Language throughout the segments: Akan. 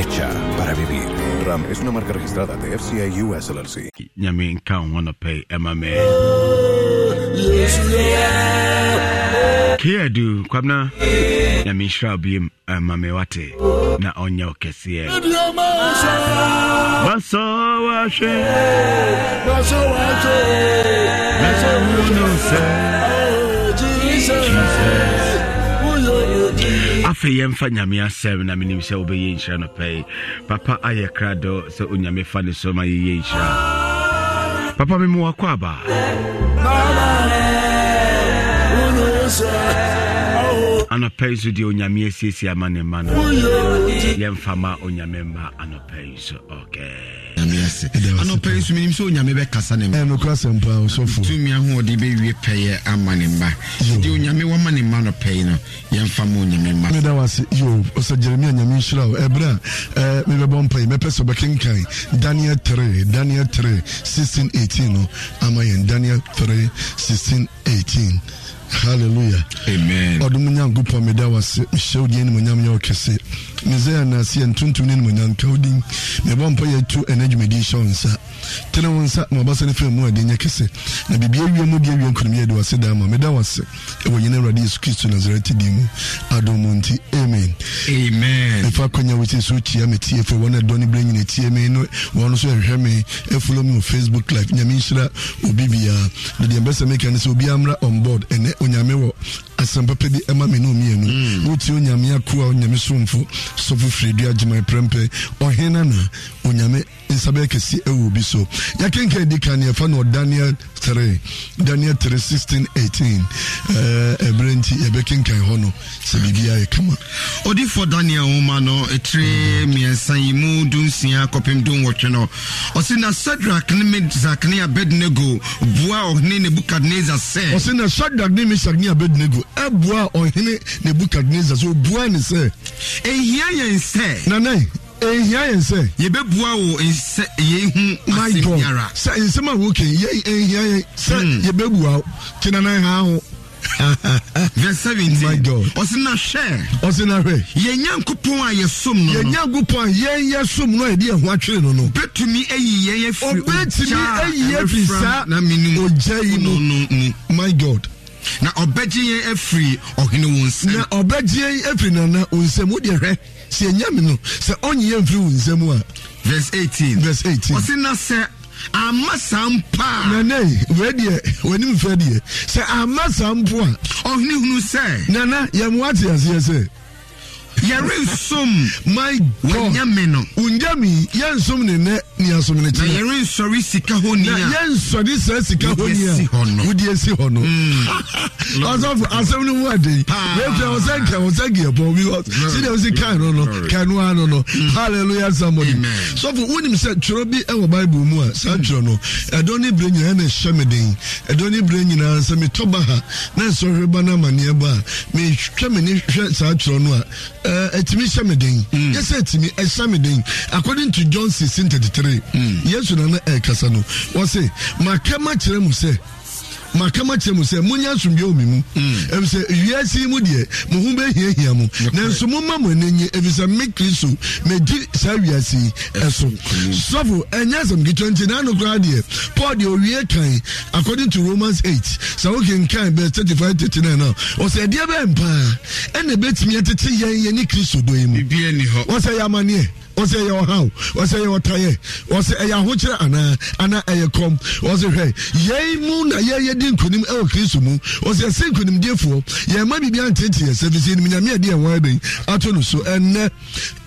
hecha para vivir. Ram es una marca registrada de FCI US LLC. Nyame nka ho no pɛ ɛma mɛ. Kia Do, kwabna. Nyame nhyira obiem ɛma mɛ wate na ɔnyɛ wo kɛseɛ. Jesus. Jesus. afei yɛmfa nyame asɛm na menim sɛ wobɛyɛ nhyira no pɛi papa ayɛ krado sɛ onyame fa ne so ma yɛyɛ nhyira papa memowakɔ aba eh, anɔpa yi so deɛ onyame asiesie ama ne mma no yɛmfa ma onyame mma anɔpa yi so okay anɔpa yi so menim sɛ onyame bɛkasa ne mmatumi ahoɔde bɛwie pɛyɛ ama ne mma deɛ onyame wama ne mma nɔpa yi no yɛmfa onyame mma jeremia nyame nhyira wo ɛberɛ a mebɛbɔ mpa yi mɛpɛ sɛ ɔbɛkenkan daniel 3 daniel 3 16 18 no ama yɛn daniel 3 16 18 hallelujah amen ɔdom nyankopɔn meda wase mehyɛ wo din ne mu nyam yɛ wo kɛse ne sɛ anaase ntontom ne nomonyam din mebɔ mpa yɛto ɛna adwumadi hyɛ wo nsa tena wo nsa ma wabasa no firi mu ade nyɛ kɛsɛ na biribia awia mu bia awia nkonomi wase daa ma meda wase ɛwɔ nyina awurade yesu kristo nasarete din mu adom mu nti amen amen mefa kwanya wɔsi so kyia me tie fɛ wɔn ɛdɔ ne berɛ nyina tie me no wɔn nso ɛhwɛ me ɛfolo me wɔ facebook live nyame nhyira obi biara na deɛ mbɛsɛ meka ne sɛ obiara mmra on board ɛnɛ onyame wɔ asɛmpapa bi ɛma me ne omienu wotie onyame akoa onyame somfo sɔfo firidi agyima prɛmpɛ ɔhena na onyame nsa kɛse ɛwɔ bi so yɛkenka di ka neɛ fa no daniel 3 daniel 3 16 18 ɛberɛ nti yɛbɛkenkan hɔ no sɛ biribiaa yɛ kama ɔdifoɔ daniel nwoma no ɛtire mmiɛnsa yi mu dunsia kɔpem dunwɔtwe no ɔse na sadrak ne mesak ne abednego boa ɔhene nebukadnezar sɛ ɔse na sadrak ne mesak ne abednego ɛboa ɔhene nebukadnezar sɛ ɔbua ne sɛ ehia yɛn sɛ. nana ehia yɛn sɛ. yɛbɛbua wo nsɛ yehu asɛm yara. sɛ nsɛm a woke yɛ ehia yɛn sɛ hmm. yɛbɛbua wo kinana ha ho. verse seventeen ɔsi na hwɛ. ɔsi na hwɛ. yɛn a yɛ som no. yɛn nyankopɔn a yɛn yɛ som no a yɛde atwere no no. obetumi eyi yɛn efiri ogya a ɛfura na minimu. obetumi eyi yɛn efiri saa my god na ɔbɛgye yɛn afiri ɔhene wo nsɛm na ɔbɛgye yɛn afiri nana wo nsɛm wodeɛ hwɛ sɛ ɛnya no sɛ ɔnye yɛn mfiri wo nsɛm a verse 18 verse 18 ɔse na sɛ ama saa mpo a nana wɛdeɛ w'anim fɛ deɛ sɛ ama saa ɔhene hunu sɛ nana yɛmmoate aseɛ sɛ yɛre som my wonyame no wonyame yɛnsom ne nɛ neasom ne kyerɛ yɛre nsɔre sika hɔ ni a yɛnsɔre saa sika hɔ ni a wode asi hɔ no ɔsɔfo hmm. asɛm no mu aden mefrɛ wo sɛ nka wo sɛ geɛbɔ because sɛdeɛ wosi kae no no kanoa no no hmm. halleluya somebody sɔfo wonim sɛ twerɛ bi ɛwɔ bible mu a saa hmm. twerɛ no ɛdɔ ne berɛ nyinaa na ɛhyɛ me den ɛdɔ ne berɛ nyinaa sɛ metɔ ba ha na nsɔhwɛ ba no amanneɛ ba a mehwɛ me ne hwɛ saa twerɛ no a ɛtumi eh, hyɛ me den hmm. yɛsɛ ɛtumi ɛhyɛ me den according to john 16 33 hmm. yesu nana ɛrekasa no wɔse makama kyerɛ mu sɛ maka ma kyerɛ mu sɛ monya asomdwe wɔ mu mm. ɛfi sɛ wiase mu deɛ mo ho bɛhiahia mu nanso momma mo ani nye ɛfi sɛ me kristo medi saa wiase yi ɛso sɔfo ɛnyɛ asɛm ketewa nti na koraa deɛ paul deɛ owie kan according to romans 8 sɛ wokenkan bɛ 35 39 a ɔsɛ ɛdeɛ bɛɛ mpaa ɛna ɛbɛtumi ɛtete yɛn yɛne kristo dɔ yi mu wɔsɛ yɛ amanneɛ ɔsɛ ɛyɛ ɔhaw ɔsɛ ɛyɛ ɔtayɛ ɔsɛ ɛyɛ ahokyerɛ anaa anaa ɛyɛ kɔm ɔsɛ hwɛ yɛn mu na yɛyɛ di nkonim ɛwɔ kristo mu ɔsɛ ɛsɛ nkonimdiefoɔ yɛn ma biribi antete yɛ fisi nim nyame ɛdeɛ wɔn ɛbɛn ato no so ɛnɛ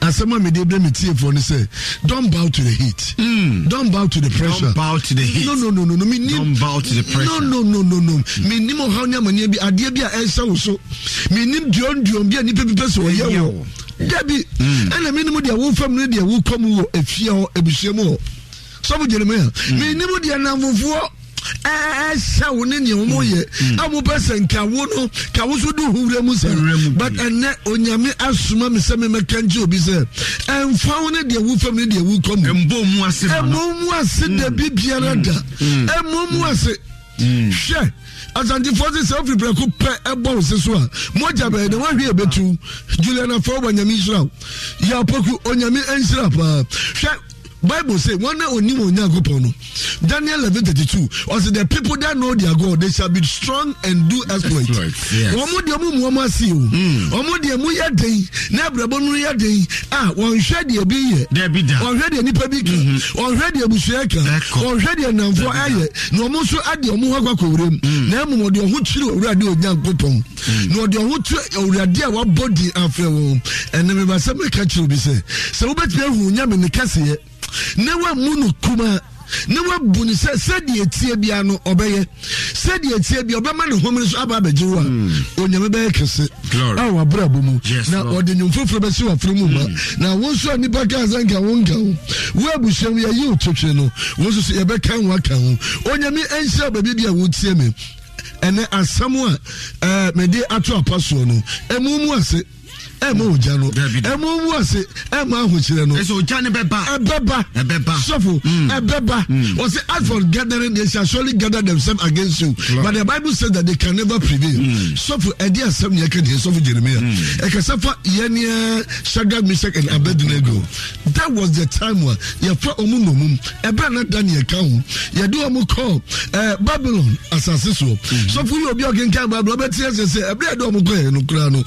asɛm a mede ebire mi tiefoɔ no sɛ don bow to the heat. Mm. don bow to the pressure. don bow to the heat. no no no no no mi ni. don bow to the pressure. no no no no no mi ni mo ni amaniya bi adeɛ bi a ɛhyɛ wo mi ni duonduon Debi, ɛna menim deɛ wofam no deɛ wokɔ mu wɔ afie hɔ abusua mu hɔ sɔbo jeremia menim mm. deɛ namfofoɔ ɛhyɛ wo ne neɛ wɔmɔyɛ mm. a mopɛ sɛ nkawo no kawo so de howura mu sɛ but ɛnɛ onyame asoma me sɛ memɛka nkye obi sɛ ɛmfa wo ne deɛ wofam ne deɛ wokɔ mu ɛmmɔ mu ase da mm. bi biara da ɛmmɔ ase hwɛ asantefoɔ sɛ sɛ wofiri prɛko pɛ ɛbɔ wo se so a mogya bɛyɛ de woahwe ɛbɛtu julian afɛ wobɔ nyame nhyira wo yɛ onyame ɛnhyira paa hwɛ bible say wọn náà oní wọn nyankopɔn no daniel eleven thirty two ɔsì the people that know their god they shall be strong and do exploit wɔn mu deɛ mu mu wɔn asi o wɔn mu deɛ mu yɛ den na abirabɔ nu yɛ den a wɔn hwɛ deɛ bi yɛ wɔn hwɛ deɛ nipa bi kan hmm. wɔn hwɛ deɛ busua kan wɔn hwɛ deɛ nanfo ayɛ na wɔn nso adi wɔn hɔ akɔ wura mu hmm. na emu wɔde ɔho kyiri owurade onyankopɔn hmm. na wɔde ɔho kyiri owurade a wabɔ di afɛ wɔn ɛnna mɛba sɛ mɛka kyerɛ obi sɛ sɛ wobɛtumi ehu nyame na wamu no kumaa na wabu ne sɛ sɛdeɛ tie bia no ɔbɛyɛ sɛdeɛ tie bia ɔbɛma ne homene so aba abɛgye wo a hmm. onyame bɛyɛ kɛse a wabrabɔ mu na ɔde nwom foforɔ bɛsi wafere mu ma hmm. na wo nso a nnipa kaa sɛ nka wo nka ho wo abusua mu yɛyi wo twetwe no wo nso so yɛbɛka wo aka ho onyame ɛnhyɛ baabi bi a wotie me ɛnɛ asɛm a mede ato apa soɔ no ɛmu mu ase ẹ mọ ọjà no ẹ mọ owó ọsẹ ẹ mọ ahokyerẹ no. ẹsẹ ọjà ni bẹ ba. ẹ bẹ ba ẹ bẹ ba sọfọ ẹ bẹ ba ọsẹ as for gathering they shall surely gather themselves against you but the bible says that they can never prevail. sọfọ ẹdí asẹm yẹn kẹdìẹ sọfọ jeremiah ẹ kẹsẹ fa yẹn ni ẹ hmm. eh, shadrach and abednego that was the time wa yẹ fa ọmọ nọmọ ẹ bẹ ẹ na daniel kan ho yẹ di ọmọ kọ ẹ eh, babylon asase so sọfọ hmm. yìí obi ọkẹkẹ ababla ọbẹ tiẹ sẹsẹ ẹ bẹ ẹ dẹ ọmọ kọ yẹn no kura no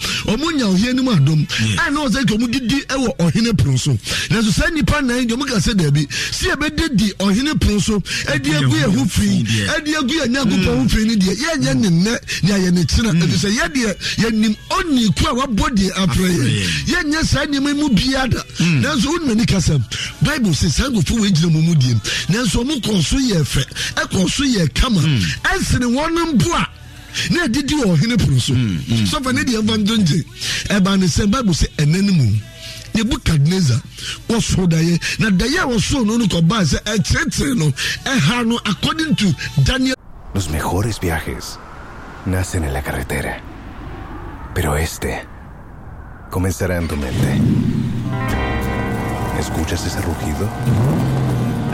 nya ọhìn ẹni mu àná adom a na ɔsɛ nka ɔmo didi wɔ ɔhene pono so nanso saa nnipa nan deɛ ɔmo ka sɛ daabi si ɛbɛde di ɔhene pono so ɛde agu yɛ ho fi ɛde agu yɛ nyankopɔn ho fi no deɛ yɛnyɛ ne nnɛ ne ayɛ ne kyena mm. ɛfiri sɛ yɛdeɛ yɛnim ɔni ku a wabɔ deɛ aprɛ yɛ yɛnyɛ saa nneɛma mu biara da mm. nanso wɔn nani kasa bible sɛ saa nkurɔfoɔ wɔ egyina wɔn mu die nanso ɔmo kɔn so yɛ fɛ ɛkɔn so yɛ kama mm. ɛsene wɔn mpo a los mejores viajes nacen en la carretera pero este comenzará en tu mente escuchas ese rugido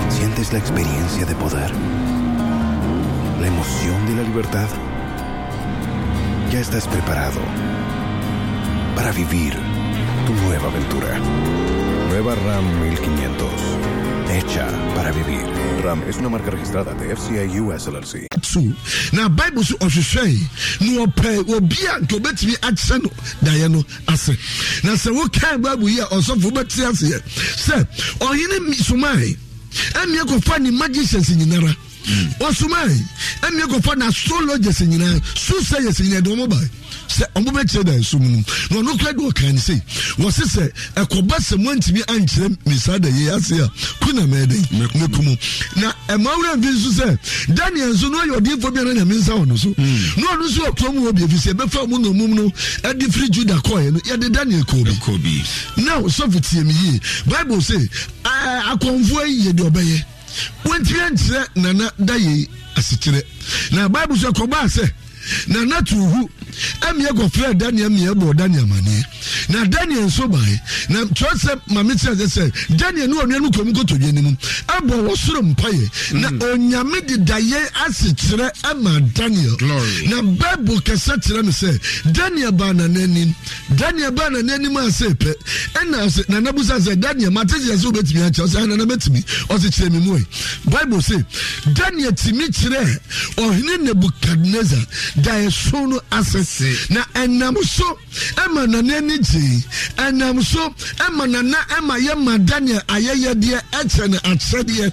sientes la experiencia de poder la emoción de la libertad ya estás preparado para vivir tu nueva aventura. Nueva RAM 1500. Hecha para vivir. RAM es una marca registrada de FCI US LLC. Now, Bible so ɔhwehwɛ no na ɔpɛ obi a nka obetumi akyerɛ no daeɛ no ase na sɛ wokae bible yi a ɔsɔfo me aseɛ sɛ ɔhene somae ɛneɛ kɔfa ne magicians nyinara ɔsomai ɛne kɔfa na astrologers nyinaa sosayers nyinaa de ɔmo ba sɛ ɔmo bɛkyerɛ da ɛsom no na ɔno kora de ɔka ne sei wɔse sɛ ɛkɔba sɛ moantumi ankyerɛ misa da yei ase a kuna mɛɛdɛn mɛku mu na ɛma wura mfi nso sɛ daniel nso na ɔyɛ ɔdiifoɔ bi ana nyame nsa wɔ no so na ɔno nso ɔkuro mu wɔ bi ɛfiri sɛ ɛbɛfa mu na ɔmum no ɛde firi juda kɔɔeɛ no yɛde daniel kɔɔ bi now sɔfo tie me yie bible se akɔmfoɔ yi yɛ deɛ ɔbɛyɛ wɔntumi ankyerɛ nana da yei asekyerɛ na bible sɛ kɔbaa sɛ nana tuohu ɛmiɛ kɔfrɛ daniel miɛ bɔ daniel Mani, na daniel nso bae na twerɛ sɛ mame kyerɛ sɛ sɛ daniel ne ɔnua no kɔm kɔtɔdwa no mu ɛbɔ wɔ soro mpayɛ na hmm. onyame dedayɛ asekyerɛ ama daniel na bible kɛsɛ kyerɛ no sɛ daniel baa nananim daniel baa nananim a sɛ pɛ ɛna nanabusa sɛ daniel mate kyerɛ sɛ wobɛtumi akyɛ sɛ nana bɛtumi ɔse kyerɛ me muɛ e. bible sɛ daniel tumi kyerɛ ɔhene nebukadnezar daeɛso no asɛ na ɛnam so ɛma nana ani gyee ɛnam so ɛma nana ɛma yɛ ma daniel ayɛyɛdeɛ ɛkyɛ ne akyɛdeɛ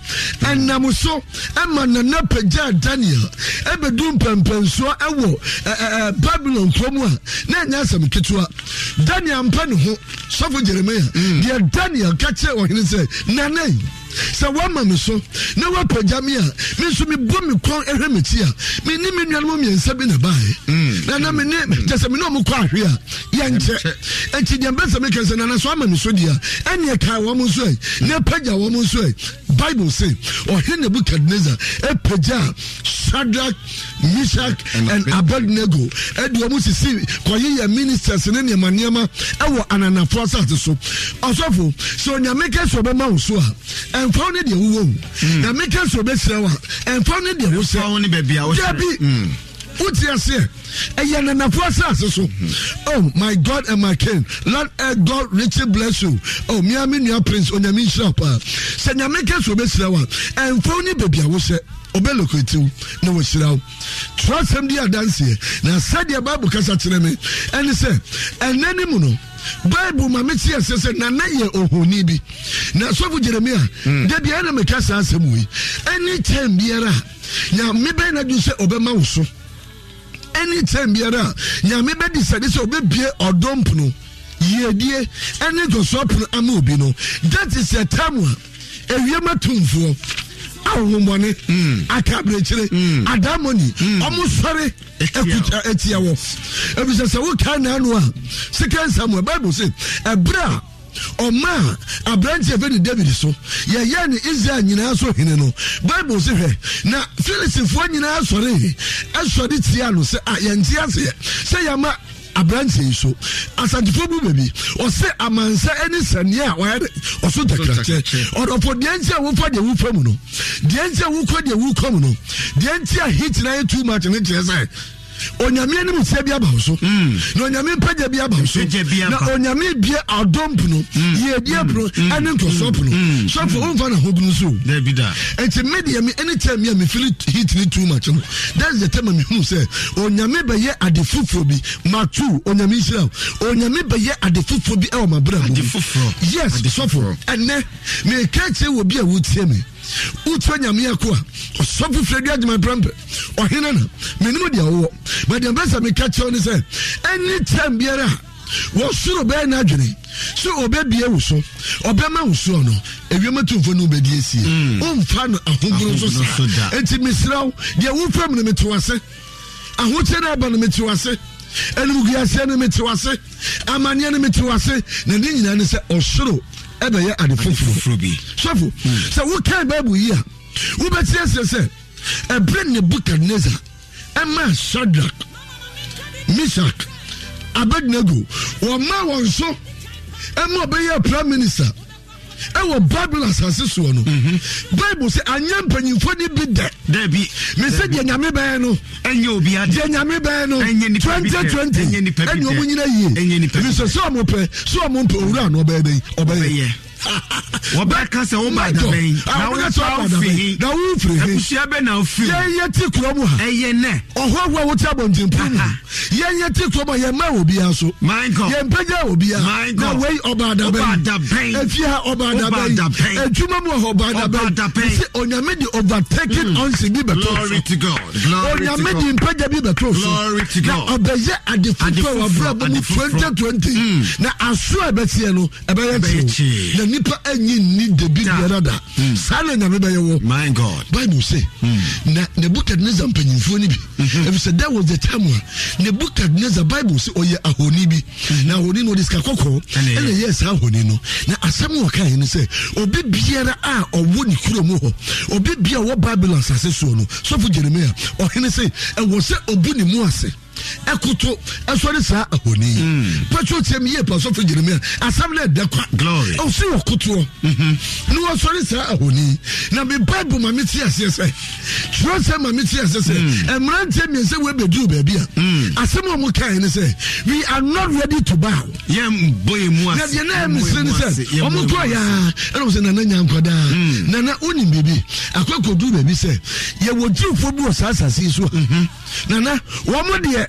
ɛnam so ɛma nana pagyaa daniel ɛbɛdu mpɛmpɛnsoɔ ɛwɔ ɛɛ babylon kurom a na ɛnyɛ asɛm ketewa daniel mpɛ ne ho sɔfo jeremia mm. deɛ daniel ka kyerɛ ɔhene sɛ nana yi sɛ woama me so na woapagya me a me nso mebɔ me kɔn ɛhwɛ me ti a mene me nuanom mmiɛnsa bi na baɛ mm. nana mene kyɛ sɛ mene ɔmo kɔ ahwe a yɛnkyɛ ɛnti deɛ mbɛ sɛ meka sɛ nana so ama me so deɛ a ɛneɛ kae wɔ m nso ɛ na ɛpagya wɔ m nso ɛ bible se ɔhene nebukadnezar ɛpagya a sadrak mishak and abednego ɛde ɔmo sisi kɔyeyɛ ministers ne nneɛma nneɛma ɛwɔ ananafoɔ asase so ɔsɔfo sɛ onyame kɛ sɛ ɔbɛma wo so a ɛnfaw ne deɛ wowɔ hmm. na meka sɛ obɛsrɛ wo a ɛnfaw ne deɛ wosɛ dabi hmm. wote aseɛ ɛyɛ nanafo asase so hmm. oh my god and my king lord uh, god richly bless you oh mia me nua prince onyame nhyira paa sɛ nyame ka sɛ obɛsrɛ wo a ɛmfaw ne baabi a wo sɛ obɛlokotiw na wɔhyira wo twerɛ asɛm di adanseɛ na sɛdeɛ bible kasa kyerɛ me ɛne sɛ ɛnɛ ne mu no bible maame ti ɛsɛ sɛ nana yɛ ohoni bi na sɔfo jeremia hmm. dabi ɛna mɛka saa asɛm wei anytime biara nyame bɛyɛ na dun sɛ ɔbɛma wo so anytime biara nyame bɛdi sɛde sɛ ɔbɛbie ɔdɔ mpono yiedie ɛne nkɔsɔ ama obi no that is a time a ewiem atumfoɔ ahohommɔne hmm. akabrɛkyire hmm. adamɔni hmm. ɔmo sɔre atia wɔ ɛfisɛ sɛ wokae naano a sekɛn samuel bible se ɛberɛ a ɔma a aberanteɛ fɛ ne david so yɛyɛ ne israel nyinaa so hene no bible se hwɛ na filistifoɔ nyinaa sɔre ɛsɔre tia no sɛ a ah, yɛnte aseɛ sɛ yɛma aberanteɛ yi so asantefoɔ bi baabi ɔsɛ amansa ne sɛneɛ a wɔyɛ ɔso takrakyɛ ɔdɔfo deɛ nti a wofa deɛ wofa mu no deɛ nti a deɛ wokɔ mu no deɛ nti a hit na yɛ too much ne kyerɛ sɛ onyame anim tie bi aba wo so hmm. na onyame pagya bi aba wo so na onyame bie adom pono hmm. yɛdie pono hmm. ɛne nkɔsɔ pono sɔfo womfa na hogunu so ɛnti medeɛ me anytime a mefili heat ne too much no that's the time a mehunu sɛ onyame bɛyɛ ade foforɔ bi mato onyame nhyira onyame bɛyɛ ade foforɔ bi ɛwɔ mabrɛ mu yes sɔfo ɛnɛ meka kyerɛ wɔ bi a wotie me wotua nyame ako a ɔsɔfo firadi agyuma prɛmpɛ ɔhene na menim deɛ wowɔ madeɛ bɛ sɛ meka kyɛw ne sɛ ɛni tam biara a wɔsoro bɛyɛ no adwene sɛ ɔbɛbie wo so ɔbɛma wo soɔ no awiama tomfo no wobɛdi asie womfa mm. no ahoboro so saa enti mesrɛ wo deɛ wofam no metew ase ahokyɛ no aba no metew ase animguaseɛ no metew ase amanneɛ no metew ase na ne nyinaa ne sɛ ɔsoro ɛbɛyɛ ade foforɔ bi sɔfo sɛ wokan bible yi a wobɛkyerɛsirɛ sɛ ɛberɛ nebukadnezar ɛma sadrak misak abednego wɔma wɔn so ɛma ɔbɛyɛ prime minister ɛwɔ bible asase soɔ no mhm. bible sɛ anyɛ mpanyimfoɔ ne bi dɛ dabi mesɛ deɛ nyame bɛɛ no ɛnyɛ obi ade deɛ nyame bɛɛ no 2020 ɛne ɔmo nyina yie ɛfiri sɛ sɛ ɔmo pɛ sɛ ɔmo mpɛ owura ano ɔbɛyɛ bɛyi ɔbɛyɛ wɔbɛka sɛ woba adabɛn ah, na wofiri na wofiri he abusua bɛ na ofiri yɛnyɛ ti kuro eh, mu ha ɛyɛ nɛ ɔhɔ wo a wote abɔntenpon mu yɛnyɛ ti kuro mu a yɛmma wɔ biara so yɛmpagya wɔ biara na wei ɔba adabɛn efie ha ɔba adabɛn adwuma mu wɔ ɔba adabɛn sɛ onyame de overtaking mm. onse bi bɛtɔ so onyame de mpagya bi bɛtɔ so na ɔbɛyɛ adefofoɔ wɔ abúlé abɔmu twenty twenty mm. na aso a ɛbɛteɛ no ɛbɛyɛ tiw na nipa enyi ni debi biara da mm. saa na nyame bɛyɛ wɔ bible sɛ mm. na nebukadnezar mpanyimfoɔ no bi mm-hmm. ɛfisɛ that was the time a nebukadnezar bible sɛ ɔyɛ ahoni bi mm-hmm. na ahoni no ɔde sika kɔkɔɔ ɛna ɛyɛɛ saa ahoni no na asɛm a ɔkaeɛ no sɛ obi biara a ɔwɔ ne kurom hɔ obi bia ɔwɔ babylon asase soɔ no sɔfo Jeremiah. ɔhene sɛ ɛwɔ sɛ ɔbu ne mu ase ɛkoto ɛsɔre saa ahoni mm. pɛtro tiɛ mi yie pɛsɔfo jeremia asam na ɛdɛ kwa ɔsi wɔ kotoɔ na wɔsɔre saa ahoni na mi baibu maame ti aseɛ sɛ twerɛ sɛ maame ti aseɛ sɛ mm. mmeranteɛ mmiɛnsa wo ebeduru baabi a mm. asɛm a wɔn kaa yi ni sɛ we are not ready to bow. yɛn bɔ emu ase na deɛ naa mi sɛ ni sɛ wɔn kɔ yaa ɛna wɔn sɛ nana nya nkwadaa nana onim beebi akɔ akɔ baabi sɛ yɛ wɔ jiwfo bi wɔ saa asase yi so mm-hmm. nana wɔn deɛ.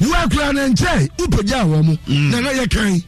woakora no nkyɛ wopagyaa wɔ mo mm. nana yɛkan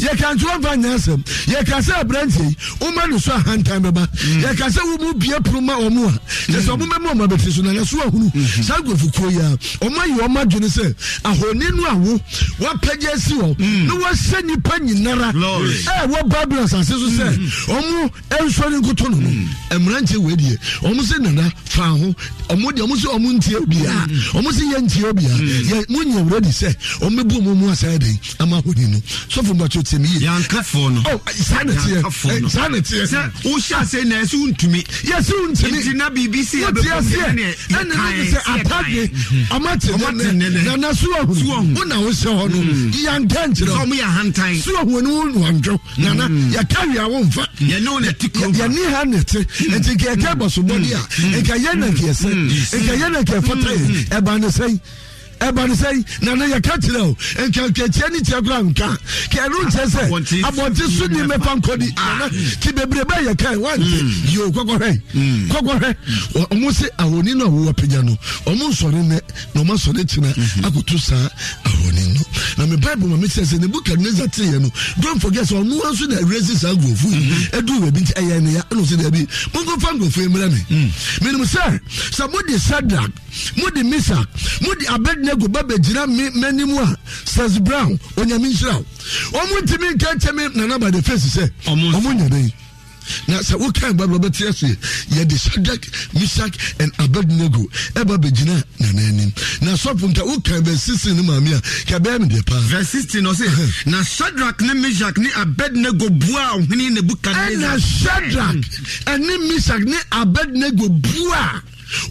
yɛka nto wamfa nyɛ asɛm yɛka sɛ aberantiei woma no so ahantan bɛba mm. yɛka sɛ wo mu bia puro ma ɔmo a kyɛ sɛ mm. ɔmomɛma ɔma bɛte so nana so ahunu mm-hmm. saa nkurɔfokuo yi a ɔmo ayɛ ɔma adwene sɛ ahoni no a wo woapagya asi hɔ na wɔahyɛ nnipa nyinara ɛ wɔba bere asase so sɛ ɔmo ɛnsɔre nkoto no no mmerantiɛ wɔadie ɔmo sɛ nana faa ho ɔmo deɛ ɔmo sɛ ɔmo ntie obiaa ɔmo sɛ yɛntie obiaa mo yɛ ready sɛ ɔmo ebu ɔmo mu asa yɛ dɛ ama ahoni no sɔfo mbɔtɔ tɛ mi yie. yankafoɔ no ɔ saa na tiɛ saa na tiɛ. sɛ o si ase na yasi ntumi. yasi ntumi nti na biribi si yɛ bɛ kɔ mi ɛna yɛ kan yɛ si yɛ kan yɛ ɔmo ti nɛ nɛ nana suwɔhu o na o sɛ hɔ no yanka nkyerɛ ɔmo yɛ ahantan suwɔhu ni o nu anjo nana yaka wi awo nfa yɛne o na ti kuro ma yɛne ha na ti nti kɛkɛ bɔ so bɔdi a nka yɛ na kɛ sɛ nka yɛ na kɛ fata yɛ ɛba ne sɛ ɛba no sɛ na no yɛka kyerɛ o nkankwakyia ne kyerɛ kora nka kɛno nkyɛ sɛ abɔnte so ni mɛfa nkɔdi ah. nti bebree bɛyɛ kae wante hmm. yo kɔkɔhwɛ kɔkɔhwɛ ɔmo sɛ ahoni no a wɔwɔ pagya no ɔmo nsɔre nɛ na ɔma sɔre kyena akɔto saa ahoni no na me bible ma mekyerɛ sɛ nebukadnezar teeɛ no don't forget sɛ ɔno nso na awurasi saa nkurɔfo hmm. yi ɛduru baabi nti ɛyɛ ne ya ɛna ɔsɛ daabi monkɔfa nkurɔfo yi mmrɛ me menim sɛ sɛ mode sadrak mode misak mode abed nya gu bɛbɛ gyina m'anim a sas brown onyame nhyira wo ɔmontumi nka kyɛ me nanabade fesi sɛ ɔmo nya dɛn na sa sɛ wokan babla wobɛte ase yɛde sadak misak and abednego ɛba bɛgyina nana anim na sɔfo nka wokan bɛsisi no maame a kabɛɛ me deɛ paa verse 16 ɔse na sadrak ni misak ni abednego bua ɔhene nebukadnezar na sadrak hmm. ɛne misak ni abednego bua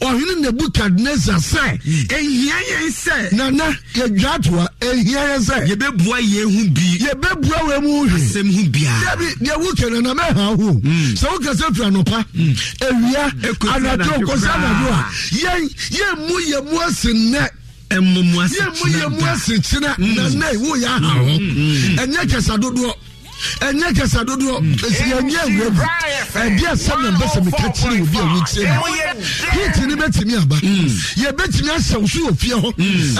ɔhene nebukadnezar sɛ hmm. ɛhia yɛn sɛ nana yɛdwa toa ɛhia yɛn sɛ yɛbɛbua yɛn ho bi yɛbɛbua wɔ mu hwe ho bia deɛ wokɛ no na mɛha ho hmm. sɛ wokɛ sɛ fira nɔpa hmm. awia anadwo kɔsɛ anadwo a yɛn yɛmmu yɛmu asi nnɛ yɛmmu yɛmu asi kyena nanɛ woyɛ aha ho ɛnyɛ kɛsa dodoɔ ɛnyɛ kasa dodoɔ ɛsiri ɛnyɛ awura mu ɛdi asɛm na mbɛsɛ meka kyerɛ obi a wɔkyerɛ mu heat ni bɛtumi aba hmm. yɛbɛtumi asɛw so wɔ fie hɔ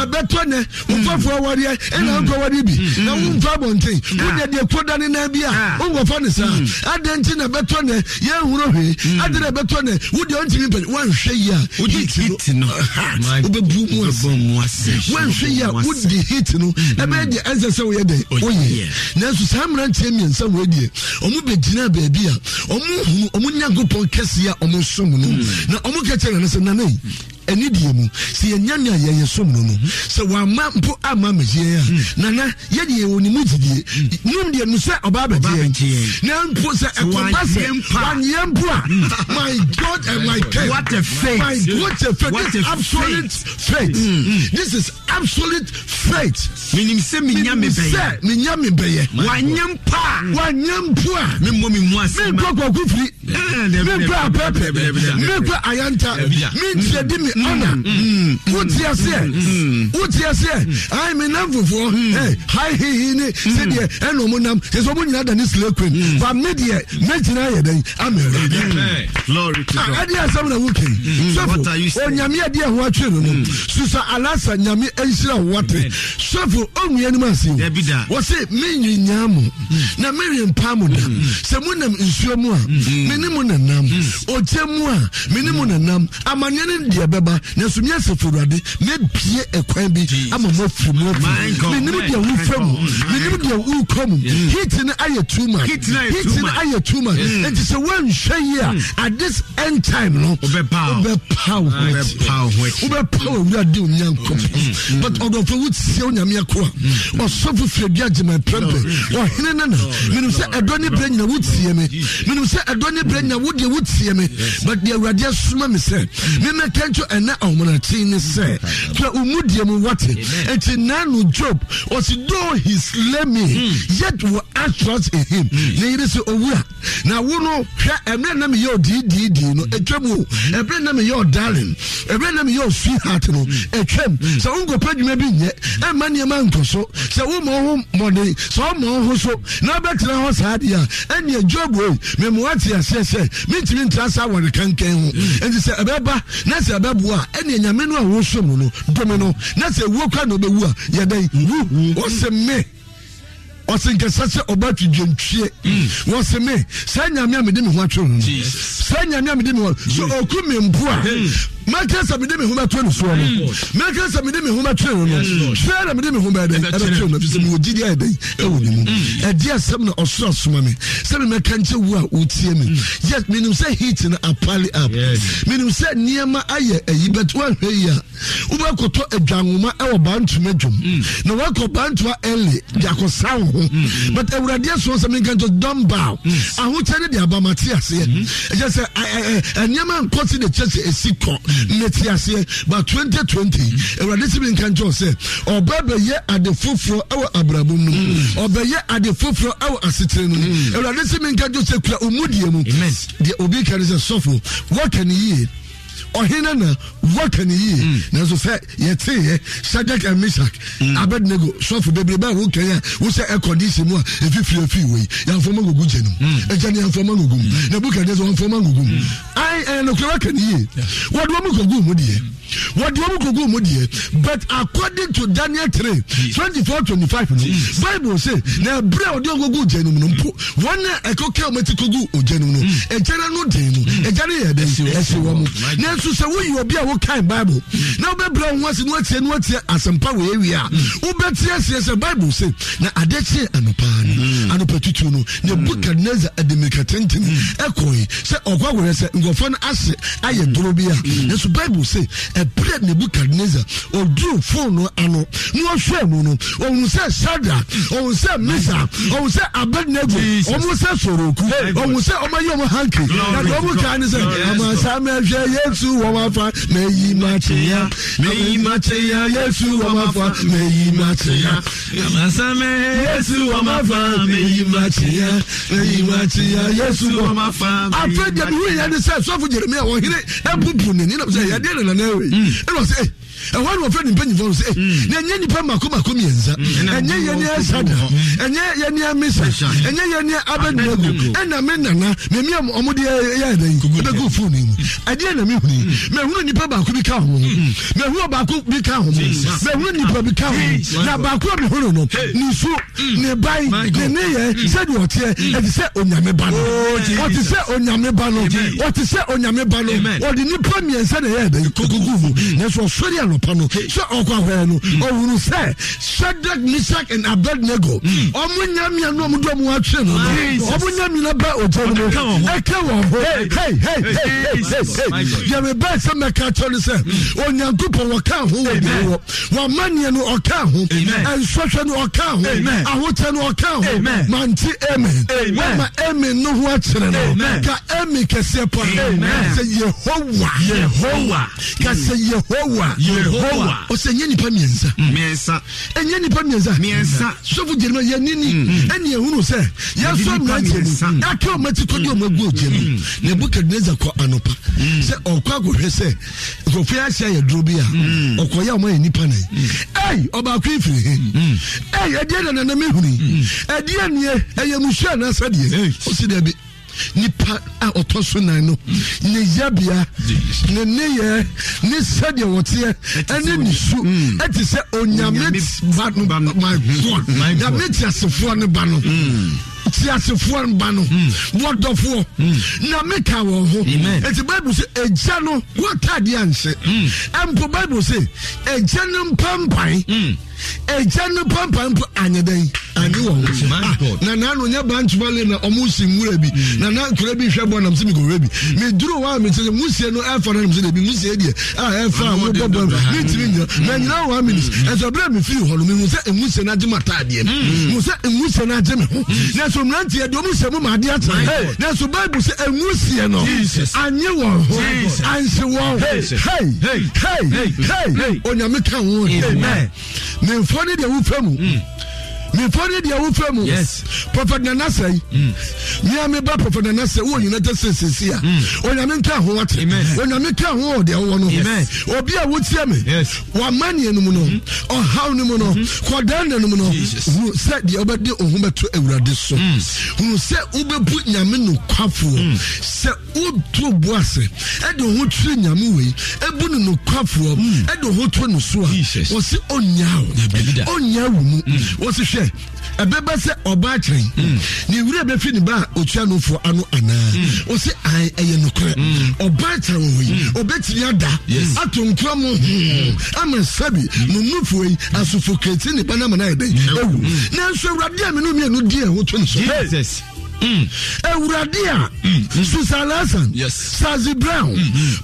ɛbɛtɔ nɛ wofafo awareɛ ɛna nkɔ bi hmm. na womfa abɔnten wonyɛ deɛ koda ne nan bi a wonkɔfa ah. ne saa hmm. adɛn nti na ɛbɛtɔ nɛ yɛnhuro hwee adɛ na ɛbɛtɔ nɛ wodeɛ wontumi mpɛ woanhwɛ yi a heat no wobɛbu mu ase woanhwɛ yi a wode heat no ɛbɛyɛ deɛ ɛnsɛ sɛ woyɛ dɛn mmiɛnsa wɔ adie ɔmo bɛgyina baabi a ɔmo hunu ɔmo nyankopɔn kɛseɛ a ɔmo som no hmm. na ɔmo kɛkyɛ nana sɛ nana ɛni deɛ mu sɛ yɛnya nea yɛyɛ som no no sɛ wama mpo ama mɛgyeɛ a hmm. nana yɛdeɛ wɔ ne mu gyidie nom deɛ no sɛ ɔbaa bɛgyeɛ na mpo sɛ ɛkɔba sɛ wanyɛ mpo a hmm. my god and my king what a faith my what a faith hmm. this is absolute faith this is absolute faith menim sɛ menya mebɛyɛ sɛ menya mebɛyɛ wanyɛ mpo a wanyɛ mpo a memmɔ me mu ase menkɔ kɔkufiri menkɔ apɛpɛ menkɔ ayanta menkyɛ di me honor wotie aseɛ wotie aseɛ ai me nam fufuɔ mm. hai hihi ne mm. sɛdeɛ ɛna ɔmo nam sɛ sɛ ɔmo da ne sila kwam ba me deɛ mɛgyina ayɛ dɛn amɛrɛ ɛdeɛ asɛm na wokei sɛfo onyame adeɛ ho atwe no no alasa nyame ɛnhyira wo wate sɛfo ɔnwua no mu ase wɔ se menwinyaa mo na merempa mo da sɛ monam nsuo mu a mene mo nanam ogye mu a mene mo nanam amanneɛ no deɛ bɛba aba nanso mi asafo awurade na ebie ɛkwan bi ama mo afiri mo afiri mi nim deɛ wofɛ mu mi nim deɛ wokɔ mu heat no ayɛ too much heat no ayɛ too much nti sɛ woanhwɛ yi a hmm. at this end time no wobɛpa wo wobɛpa wo awurade onyankopɔn hmm. Hmm. but ɔdɔfo wotie onyame ako a ɔsɔfo firi adu agyema prɛmpɛ ɔhene nana menim sɛ ɛdɔ ne berɛ nyina wotie me menim sɛ ɛdɔ ne berɛ nyina wodeɛ wotie me but deɛ awurade asoma me sɛ memɛkɛntwo ɛna ahomanakye ne sɛ hwɛ ɔmu deɛ mu wɔte ɛnti nano job ɔsi though he slay me mm. yet will I trust in him hmm. ne yere sɛ owu a na wo no hwɛ ɛmɛ na meyɛ ɔdiidiidii no hmm. ɛtwam o ɛmɛ na meyɛ ɔdarling ɛmɛ na meyɛ ɔsweetheart no hmm. ɛtwam sɛ wonkɔpɛ dwuma bi nyɛ ɛmma nneɛma nkɔ so sɛ woma ho mmɔden sɛ ɔma ho so na wobɛtena hɔ saa deɛ a ɛneɛ job ei memoa te aseɛ sɛ mentumi ntra saa wɔrekankan ho ɛnti sɛ ɛbɛba na sɛ ɛbɛbo woaboa ɛne nyame no a wosom no no dome no na sɛ wuo kora na ɔbɛwu a yɛdɛn wu wose mhm. me ɔse nkɛsɛ sɛ ɔba twidwantwie wɔse mm. me saa nyame a mede me ho atwerɛ ho saa nyame a mede me ho sɛ ɔku me mpo a mm mɛkɛ sɛ mede me homa to ne soɔ no mɛkɛ sɛ mede me homa twere no no hwɛ na mede me homa ɛdɛn ɛbɛtwere no ɛfisɛ mewɔ gyidi a ɛdɛn ɛwɔ ne mu ɛde asɛm na ɔsoro asoma me sɛ memɛka nkyɛ wo a wotie me yes menim sɛ heat no apale up menim sɛ nneɛma ayɛ ayi bɛt woanhwɛ yi a wobɛkɔtɔ adwanwoma ɛwɔ bantoma dwom na woakɔ bantoa ɛle de akɔsa wo ho but awurade asoɔ sɛ menka nkyɛ dɔm bow ahokyɛ ne de abamate aseɛ ɛkyɛ sɛ nneɛma nkɔ se de kyɛ sɛ ɛsi kɔ Mm. na ti aseɛ ba 2020 awurade si bi nka nkyɛn sɛ ɔba bɛyɛ ade foforɔ ɛwɔ abrabom mm. no ɔbɛyɛ ade foforɔ ɛwɔ asetire no awurade mm. si bi nka nkyɛn sɛ kura omu deɛ mu deɛ obi ka ne sɛ sɔfo wɔka ne yie ɔhene na wɔka ne yie mm. nanso sɛ yɛteeɛ sadak and misak mm. abednego sɔfo bebree bɛɛ wo kan a wo sɛ ɛkɔndisi mu a ɛfifiri afiri wei yɛmfɔma ngogu gye nom mm. ɛgya ne yɛmfɔma ngogu mu nabukadnezar wɔmfɔma ngogu mu ɛnokorɛ waka ne yie wɔde wɔ mu kɔgu mu deɛ wɔde wɔn kogu mu deɛ but according to daniel three twenty four twenty five no bible say na ebire a wɔde wɔn kogu ogya no mu no mpo hmm. wɔn a ɛkɔ kɛ wɔn ti kogu ogya no mu no egya no den no egya hmm. no yɛ dɛ ɛsi wɔn na nso sɛ woyi obi a wokan bible hmm. na wɔbɛbrɛ wɔn ase na wɔtie na wɔtie asɛmpa wɔ ewi a wɔbɛtie aseɛ sɛ bible say na adekyee anopaa no anopɛ tutu no na nebukadnezar adimika tenten ɛkɔɛ sɛ ɔkɔ agorɔ sɛ nkɔfɔ no ase ayɛ doro bi bible say ɛberɛ nebukadnezar ɔduru fono ano na ɔhwɛ mu no ɔhunu sɛ sadrak ɔhunu sɛ misa ɔhunu sɛ abednego ɔmo sɛ soroku ɔhunu sɛ ɔmayɛ ɔmo hanke na deɛ ɔmo kaa ne sɛ amasa mɛhwɛ yesu wɔm afa mayi makyeya mayi makyeya yesu wɔm afa mayi makyeya amasa mɛ yesu wɔm afa mayi makyeya mayi makyeya yesu wɔm afa mayi makyeya afɛ deɛ mihuyɛ ne sɛ sɔfo jeremia ɔhene ɛbubu ne ne nam sɛ yɛdeɛ ne nana awe yi ɛna sɛ ɛhɔ ne wɔfrɛ ne mpanyimfoɔ no sɛ eh, hmm. na ɛnyɛ nnipa makomako mmiɛnsa hmm. hmm. ɛnyɛ yɛne asada ɛnyɛ yɛne mesa ɛnyɛ yɛne abɛdnago ɛna me nana memi a ɔmode yɛadɛn ɛbɛgu fone mu adeɛ na mehuni mahunu nnipa baako bi ka ho mahunu baako bi ka ho mahunu nnipa bi ka ho na baako a mehunu no ne su ne ban ne neyɛ sɛdeɛ ɔteɛ ɛte sɛ onyame ba no oh, ɔte sɛ onyame ba no ɔte sɛ onyame ba no ɔde nnipa mmiɛnsa na ɛyɛ adɛn kukugu mu nanso ɔsɔre a anɔpa no sɛ ɔkɔ ahwɛɛ no hmm. ɔhunu sɛ shadrach misak and abednego hmm. ɔmo nya no ɔmo dɔm watwe no ɔmo nya mina bɛ no mu ɛka wɔn ho deɛ sɛ mɛka kyɛ no sɛ hmm. onyankopɔn wɔka ho wɔ bi wɔ wamanneɛ no ɔka ho ɛnsɔhwɛ no ɔka ho ahokyɛ no ɔka ho manti amen wama amen no ho akyerɛ no ka amen kɛseɛ pa sɛ yehowa ka yehowa yehowa ɔsɛ ɛnyɛ nipa mmiɛnsa mmiɛnsa ɛnyɛ nipa mmiɛnsa mmiɛnsa sɔfo gyerima yɛ nini ɛni mm. ehunu sɛ yasɔ mmeranteɛ mu yake ɔmo ati kɔdi ɔmo egu ogye mu nebukadneza kɔ anɔpa sɛ ɔkɔ akɔhwɛ sɛ nkɔfo yɛ ahyia yɛ duro bi a ɔkɔ yɛ ɔmo yɛ nipa mm. Mm. na yi ɛyi ɔbaako efiri he ɛyi ɛdiɛ na nana mehuni ɛdiɛ nie ɛyɛ musu anasa deɛ ɔsi dɛbi nipa a ɔtɔ so nan no ne yabea ne neyɛ ne sɛdeɛ wɔteɛ ɛne ne su hmm. ɛte sɛ onyame ba no my god hmm. nyame teasefoɔ no ba no hmm. teasefoɔ no ba no wɔdɔfoɔ na meka wɔn ho ɛti bible sɛ agya no wɔataadeɛ anhyɛ ɛmpo bible sɛ agya no mpampan ɛgya no pampampa anyɛ dɛn anye wɔn na nanu nyɛ branch valley na ɔmo si nwura bi hmm. na na nkura bi hwɛ bɔ nam sɛ mi bi hmm. mi wa mi sɛ musie no ɛfa na nam sɛ debi musie deɛ a ah, ɛfa a mo bɔ nyina na hmm. nyina wa mi ɛsɛ bere mi hɔ no mi nusɛ emusie na agye ma taadeɛ mi nusɛ emusie na agye mi ho na so mmeranteɛ deɛ ɔmo sɛ mo ma na so baibu sɛ emusie no anye wɔn ho ansi wɔn onyame ka wɔn mpanimfoɔ ne deɛ wofɛ mu hmm mifori deɛ wofɛ mu prɔfɛt nanasa yi mia mm. mi ba prɔfɛt nanasa wo united states sisi a mm. onyame nka ho ɔte onyame nka ho wɔ deɛ wɔwɔ no obi a wotia mi wama nea nom no mm-hmm. ɔhaw nom no mm-hmm. kɔdan na nom no hunu sɛ deɛ wobɛde ohun bɛto awurade so mm. hunu sɛ wobɛbu nyame no kwafoɔ sɛ wotu bu ase ɛde ohun tiri nyame wei ebu no no kwafoɔ ɛde ohun to no so a wɔsi onyaa onyaa wɔ mu wɔsi hwɛ sɛ ɛbɛbɛ sɛ ɔbaa kyerɛn ne wura bɛfi ne ba a otua no foɔ ano anaa o sɛ ae ɛyɛ nokorɛ ɔbaa kyerɛn hɔ yi ɔbɛtumi ada ato nkura mu ama sabi no nufoɔ yi asofo kɛntɛ ne ba no ama no ayɛ dɛn ɛwu nanso awurade a me di ɛho to ne awurade mm. a mm, mm. susalasan sazi brown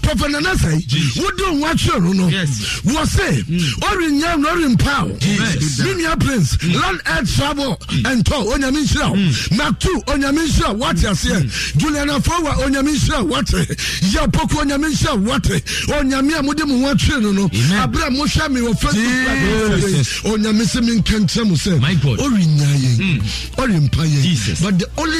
papa nana sai wode wo atwerɛ no no wɔ se ɔrenyam na ɔrempa wo me nua prince land earth travel ɛntɔ onyame nhyira wo makto onyame nhyira wo wate aseɛ julianafo wa onyame nhyira wo wate yapoko onyame nhyira wo wate onyame a mode mo ho atwerɛ no no aberɛ a mohwɛ me wɔ facebook onyame sɛ menka nkyerɛ mo sɛ ɔrenya yɛn ɔrempa yɛn but the only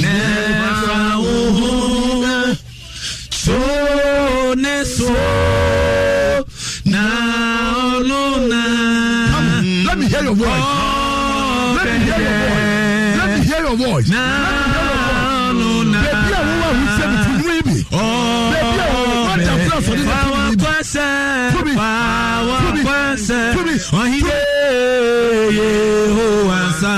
never wohuna so ne so na oluna. Let me hear your voice. Oh, Let me hear your voice. Let me hear your voice. Na oluna. Bẹ̀bí àwọn wà wí sẹ́mi tún ní ibi. Bẹ̀bí àwọn wà wí sẹ́mi tún ní ibi. Fáwọn pẹ́sẹ̀. Fáwọn pẹ́sẹ̀. Wọ́n yí dé yé o wà sá.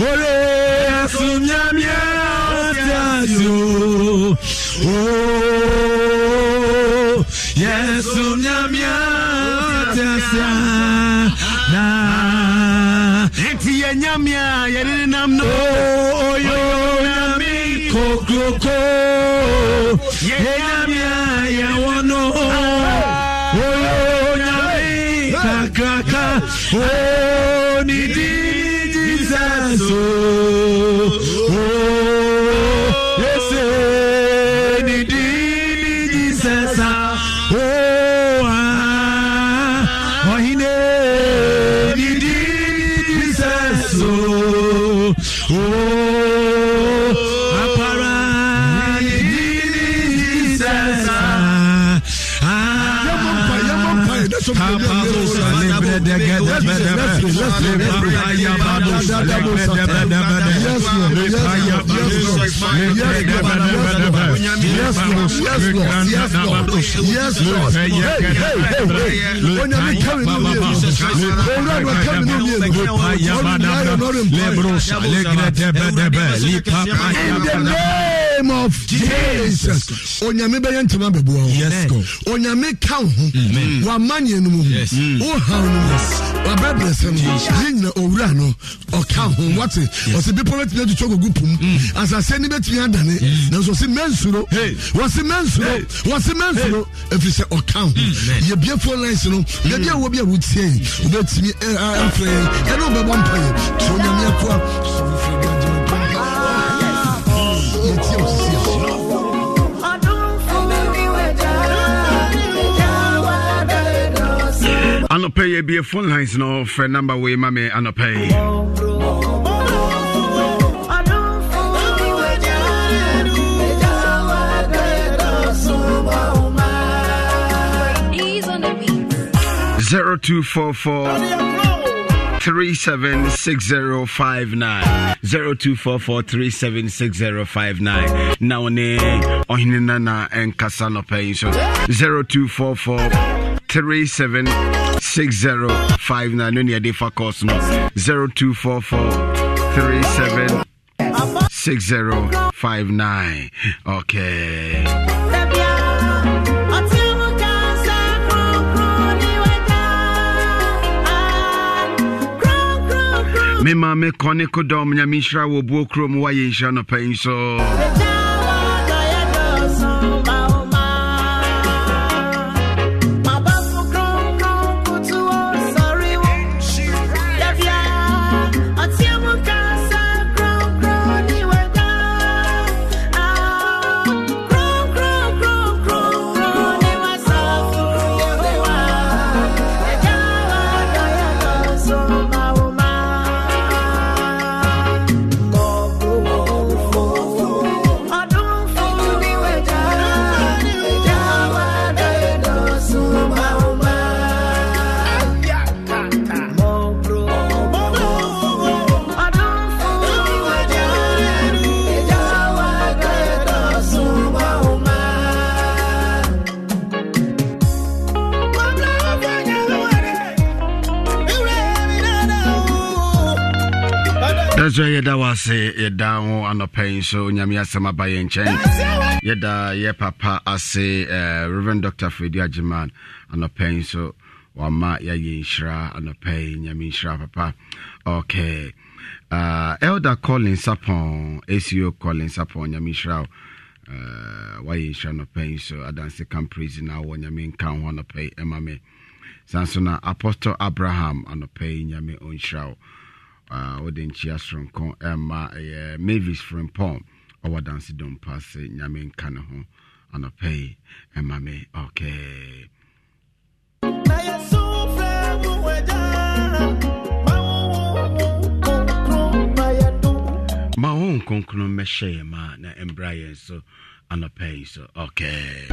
Ore asumya miasio. Oh, yesumya miasio. Na enti yenyamia yeri nam no. Oh, yo yami kokloko. Yenyamia yawano. Ah. Ah. Oh, yo yami kakraka. Oh. yes lord yes lord yes lord hey hey hey hey onyame kame ni omi enu owurra ni kame ni omi enu ọdún ní ayọ̀ n'ọdún mpọ in the name of jesus onyame bɛyɛ ntoma bɛbu ɔ onyame ka ho w'amanyɛ no mu ho o ha no mu abɛbrɛ sɛm yɛ nyina owura no ɔka ho wate ɔsɛ bepɔ bɛtumi atwitwa kogu pum asase ne bɛtumi adane nanso ɔse mansuro wɔse mansuro wɔse mansuro ɛfiri sɛ ɔka ho yɛbia phone lines no baabi a wɔ bi a wotie wobɛtumi ɛmfrɛ yɛn ɛne wobɛbɔ mpa yɛ so nyame akoa sɔmfrɛ pay yɛ bie phone lines no frɛ number wei ma me anɔpɛ yi Zero two four four three seven six zero five nine zero two four four three seven six zero five nine. Now ne ohinina na enkasa no pay so zero two four four three seven. 6059 no neɛde fa cos no 024437 6059 okay me ma me kɔne kodɔm nyame nhyira wɔ buo kurom woayɛ nhyira nɔpa yi so nso yɛda wo ase yɛda wo anɔpɛ yi so onyame asɛm aba yɛ nkyɛn yɛda yɛ papa ase eh, reverend dr fredi agyeman anɔpɛ yi so wama yɛayɛ nhyira anɔpɛ nyame nhyira papa okay uh, elder colin sapon aco colin sapon nyame nhyira wo uh, wayɛ nhyira anɔpɛ yi so adanse camprais na wɔ nyame nka ho anɔpɛ yi me san so na apostle abraham anɔpɛ yi nyame ɔnhyira wo Ah, wode nkyia soronko ɛma ɛyɛ mavis frimpon ɔwɔ danse dompa se nyame nka ne ho anɔpɛyi ɛma me okay ma wo nkonkron mmɛhyɛ yɛ ma na ɛmbra yɛn so anɔpɛ yi so okay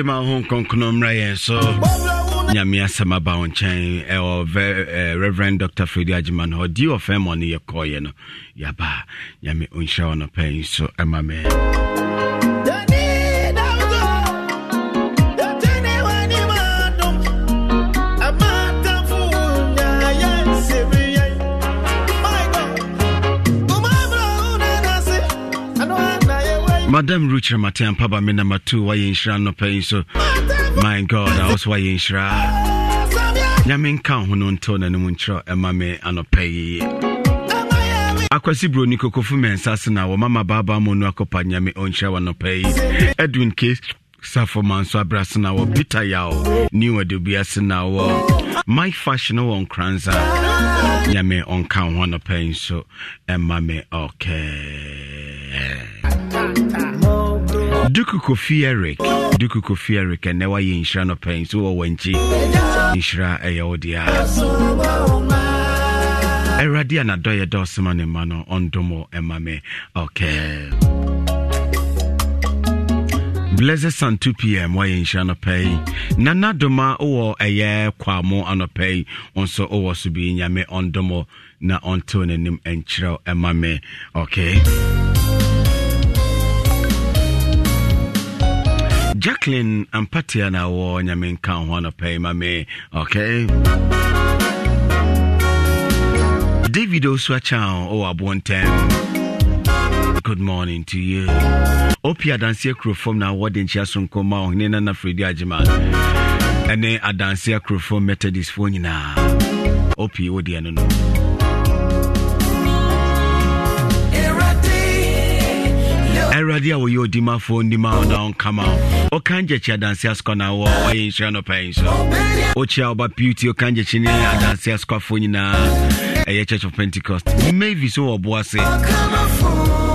awurade ma ho nkɔnkɔnɔ mmra yɛn so nyame asɛm aba wo nkyɛn ɛwɔ reverend dr fredi agyeman hɔ di ɔfɛn ma ɔne yɛkɔɔyɛ no yɛaba nyame ɔnhyira wɔ nɔpɛ yi so ɛma me madam rukyerɛ mate Papa ba Matu, nama tu woayɛ nhyira nnɔpɛ yi so my god a wo so woayɛ nhyira nyame nka ho no ntew n'anom nkyerɛ ɛma e me anɔpɛ yi akwasi buroni kokofo mmiɛnsa se na wɔma ma baabaa mu no akɔpa nyame ɔnhyira w'anɔpɛ yi edwin k safo ma nso abrɛ na wɔ peter yao new adobia se na my fashion wɔ nkransa nyame ɔnka ho nɔpɛ nso ɛma me ɔkɛ duku kofi eric duku kofi eric ɛnɛ wayɛ nhyira nɔpɛ nso wɔ wankyi nhyira ɛyɛ wo deɛ awurade a nadɔyɛ dɔɔsema ne ma no ɔndom me okay blessed sun 2 pm wɔyɛ nhyira no pɛ yi na nadoma wɔ ɛyɛ kwamo anɔpɛ yi nso wɔ so bi nyame ɔndomɔ na ɔntew n'anim nkyerɛw ɛma me okay jacqueline ampatia na wɔ oh, nyame nka ho anɔpɛ yi ma me okay david osuacha wɔ oh, aboɔntɛm good morning to you opia adanseɛ kuro fam na wɔde nkyia so nkɔma ɔhene nana fredi agyema ɛne adanseɛ kuro fam methodistfoɔ nyinaa opie wodeɛ no no awurade a wɔyɛ odimafoɔ nima wo na ɔnkama wo ɔka ngyakyi adanse asokɔ na wɔ ɔyɛ nhyira no pɛi so wokyia woba beauty ɔka ngyakyi ne adanse asokafoɔ nyinaa ɛyɛ church of pentecost mavi so wɔ ɔboa se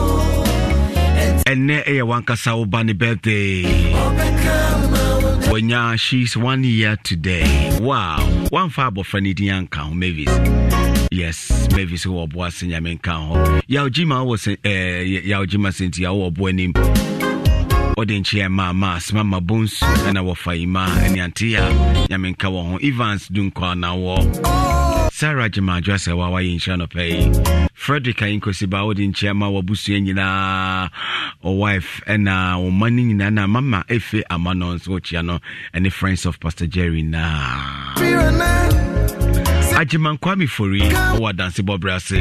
ɛnɛ ɛyɛ eh, wankasa wo ba ne birthday wɔnya shes one year today wow wamfa abɔfra no din anka ho mavis yes mavis wɔ ɔboa se nyame nka ho yawgyima wɔ yawgyima senti a wowɔ ɔboa anim wɔde nkyeɛ maama asma ma bonsu ɛna wɔfa yima aniante nyame nka wɔ ho evans dunkɔ na wɔ sara gyemaadwo asɛ wa wayɛ nhyira nɔpɛ yi frederick ayinkosi ba wode nkyia ma wabusua nyinaa wife ɛna wo ma no nyinaa na mama ɛfe ama no nso wokyia no ɛne friends of pastor jerry naa agyemankwame fori wɔ adanse bɔberɛ ase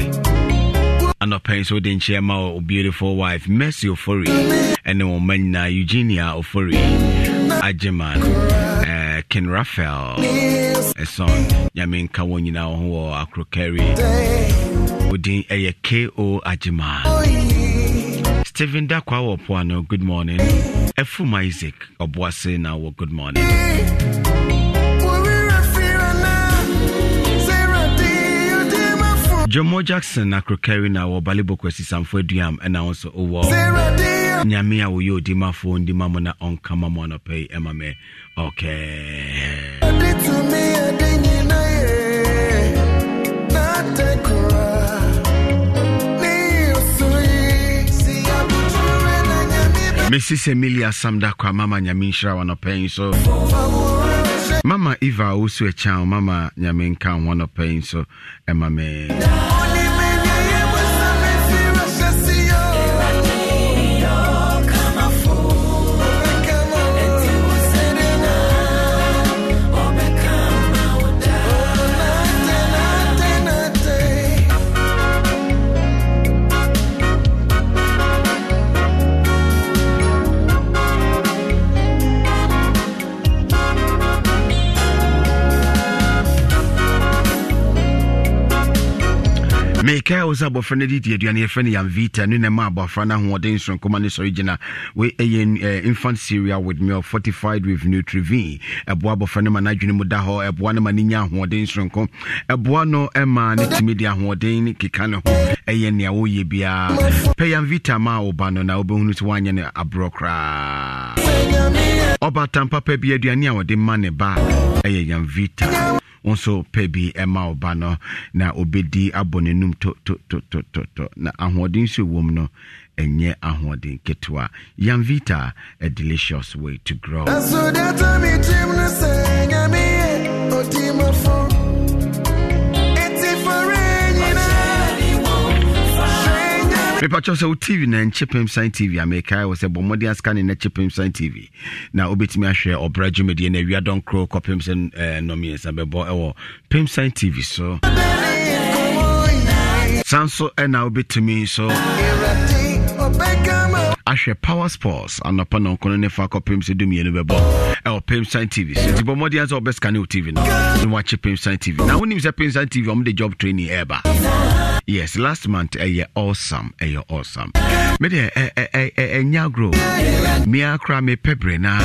anɔpɛn so wode nkyia ma wo beautiful wife mercy ofori ɛne wo ma nyinaa eugenia ofori agyeman uh, eh, ken raphael ɛsɔn nyame nka wɔn nyinaa wɔn ho wɔ akorokari odin ɛyɛ ko agyema stephen dakwa wɔ poano good morning ɛfum isaac ɔboase na wɔ good morning jomo jackson akrokari na wɔ balibɔkwasi samfo aduam ɛna wo nso wowɔ nyame a woyɛ odimafoɔ ndima na ɔnkama mu anɔpɛ yi ɛma me okay mesi sɛ samda asam da kɔ mama nyame nhyira wɔ so mama eva a wo so akyia mama nyame nka wo nɔpɛi so ɛma me meka wo sɛ abɔfra no didi aduane yɛfrɛ no yamvita no nama abɔfra no ahoɔden sonkoma ne sɔre gyina wei infant cereal with me fortified with nutrivin ɛboa abɔfra no ma n'adwene mu da hɔ ɛboa no ma no nya ahoɔden sonko ɛboa no ɛma no tumi de ahoɔden ne keka ne ho ɛyɛ nea woyɛ biara pɛ yamvita ma a woba no na wobɛhunu sɛ woanyɛ no aborɔ koraa ɔba tampapa bi aduane a wɔde ma ne ba ɛyɛ yamvita nso pɛ bi ma ɔba no na obɛdi abɔ no num na ahoɔden nso ɛwɔ mu no ɛnyɛ ahoɔden ketewa yamvita a delicious way to grow mepakyɛw sɛ wo tv na nkyɛ pam sane tv a wɔ sɛ bɔ mmɔden asika ne na kyɛ pam tv na wobɛtumi ahwɛ ɔbra dwumadie na awia dɔnkoro kɔpem sɛ eh, nnɔmiɛnsa bɛbɔ ɛwɔ pam sane tv so san so ɛna wobɛtumi so ahwɛ power sports anɔpa nɔnkono ne fa kɔpem sɛ dumienu bɛbɔ ɛwɔ pam sane tv so nti bɔ mmɔden sɛ wɔbɛsika ne wo tv no ne woakye pam sane tv na wonim sɛ pam sane tv ɔmde job training ɛɛba yes last month ɛyɛ eh, awesome ɛyɛ eh, awesome mede ɛnya eh, agorɔ mia kora mepɛ berɛ na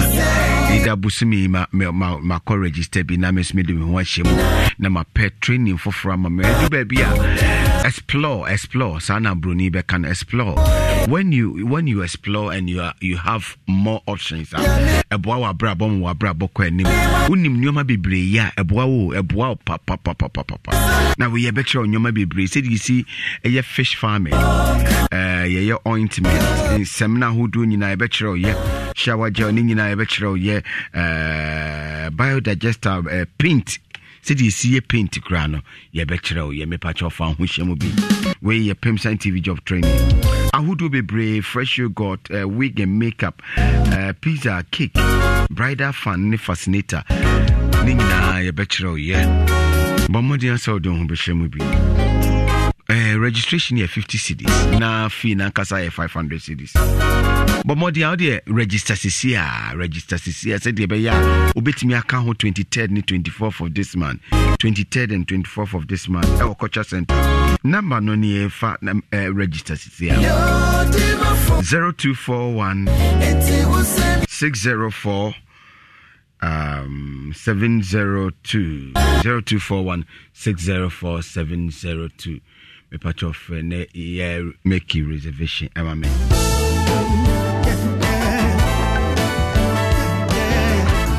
ida ma makɔ register bi na mesomede me ho ahyɛ mu na mapɛ training foforɔ ama me ɛdu baabi a explore explore sana bruni can explore when you when you explore and you are, you have more options ɛboa ah, wɔ abrabɔ mu wɔ abrabɔ kɔ anim wonim nneɔma bebree pa. a ɛboa wo ɛboa wo papapapapapa na woyɛ bɛkyerɛ wo nneɔma bebree sɛde eh, yɛsi fish farming eh, yɛyɛ ointment nsɛm who do nyinaa yɛbɛkyerɛ wo yɛ shower gel ne nyinaa yɛbɛkyerɛ wo yɛ biodigester eh, paint sɛde ɛsi yɛ paint koraa no yɛbɛkyerɛ wo yɛmepakyɛ ɔfa ho hyɛ mu bi wei yɛ pemsan tv job training ahodoɔ bebree fresh yogurt uh, wig and makeup uh, pizza cake bridal fan ne fascinator ne nyinaa yɛbɛkyerɛ wo yɛ bɔ mmɔden sɛ wode wo ho bɛhyɛ mu bi uh, registration here 50 cedis na fee nankasa yɛ 500 cedis but more a wodeɛ register sisi a register sisi a sɛdeɛ ɛbɛyɛ a wobɛtumi aka ho 23rd ne 24th of this month 23rd and 24th of this month ɛwɔ culture center number no ni yɛfa uh, eh, register sisi 0241 604 um, 702 0241 604 702 mepatwɛ frɛ yɛ make reservation ɛma me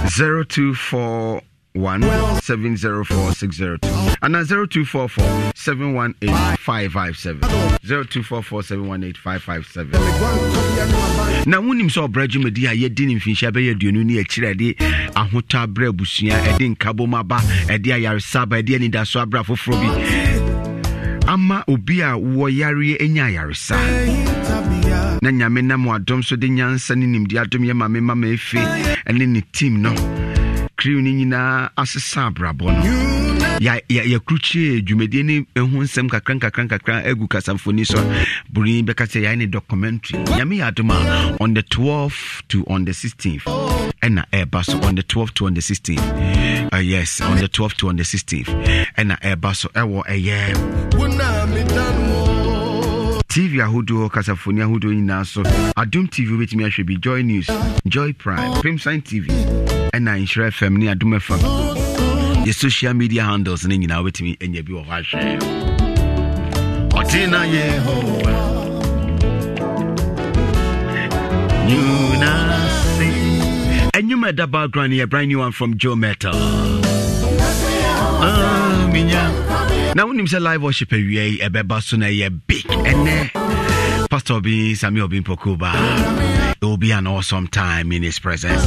zero two four one seven zero four six zero two and zero two four four seven one eight five five seven zero two four four seven one eight five five seven. na wonim sɛ ɔbrɛ dwumadi a yɛdi ne mfinhyia bɛyɛ aduonu ne akyirɛ de ahotɔ abrɛ abusua ɛde nkabom aba ɛde ayaresa aba ɛde anidaso abrɛ afoforɔ bi ama obi a wɔyareɛ anya ayaresa na nyame nam adɔm so de nyansa ne nimde adom yɛ ma me ma ma afe ɛne ne team no kriw no nyinaa asesa abrabɔ no ya dwumadie ne ɛho nsɛm kakra nkakra nkakra agu kasamfoni so bere bɛka sɛ yɛae ne documentary nyame yɛ adom a on the 12 to on the 16th ɛna ɛɛba so on the 12 to on the 16th uh, yes on the 12 to on the 16th ɛna ɛɛba so ɛwɔ ɛyɛ tv ahodoɔ kasafoni ahodoɔ nyinaa so adom tv wobɛtumi ahwɛ bi joy news joy prime primsign tv ɛna nhyerɛ fm ne adom fm yɛ social media handles no nyinaa wobɛtumi anya bi wɔ hɔ ahwɛ ɔtena yehowa nyunase ɛnwuma ɛda background yɛ brand new one from joe metal Uh, minya na wonim sɛ live worship awiei ɛbɛba so na ɛyɛ big ɛnɛ pastor bi Samuel obi mpɔkuba ɛwɔ bi a na ɔwɔ in his presence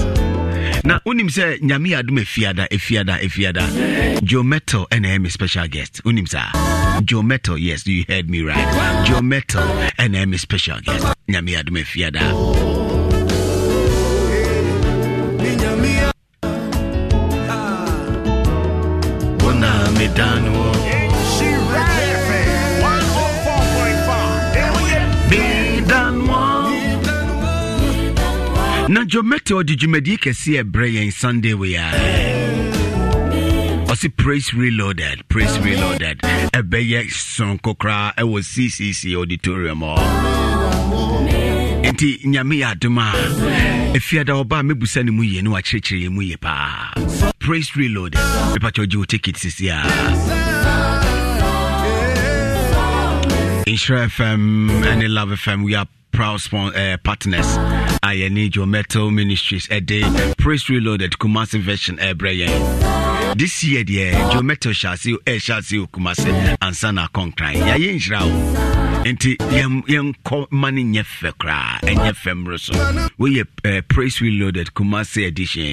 na wonim sɛ nyame adom afiada afiada afiada joe metal ɛna ɛyɛ special guest wonim saa joe metal yes you heard me right joe metal ɛna ɛyɛ special guest nyame adume fiada. me down. Oh. domete ɔde dwumadie kɛseɛ ɛbrɛ yɛn sunday wei a ɔse praise reloaded praise reloaded ɛbɛyɛ sonko koraa ɛwɔ ccc auditorium ɔ nti nyame yɛ adom a ɛfiada ɔba a mɛbusa ne mu yie ne wakyerɛkyerɛ yɛ mu yie paa praise reloaded mepakyɛ ɔgye wo ticket sisi a Insure FM and Love FM, we are proud spon- uh, partners I need your metal ministries ɛde eh, praise reloaded kumase version ɛbrɛ eh, yɛn this year deɛ your metal shall see you. hyɛase ɛhyɛase kumase ansa na akɔnkran yɛayɛ nhyira o nti yɛnkɔ ma no nyɛ fɛ koraa ɛnyɛ fɛ mmere so woyɛ uh, praise reloaded kumase edition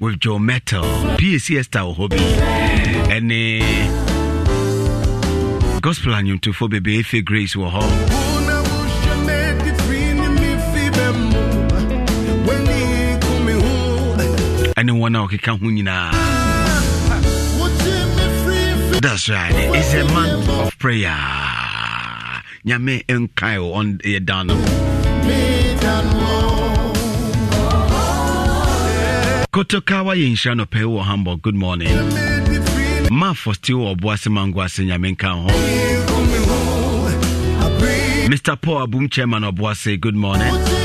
with joe metal psc star wɔ hɔ bi ɛne gospel anwomtofoɔ bebree fɛ grace wɔ hɔ ɛne wɔn a ɔkeka ho nyinaa that's right it's a man of prayer nyame nkae wo on yɛ eh, dan no kotokawa yɛ nhyira no pɛi wɔ hamburg good morning Ma still wɔ ɔboase mango ase nyame nka ho mr paul abum chairman ɔboase good morning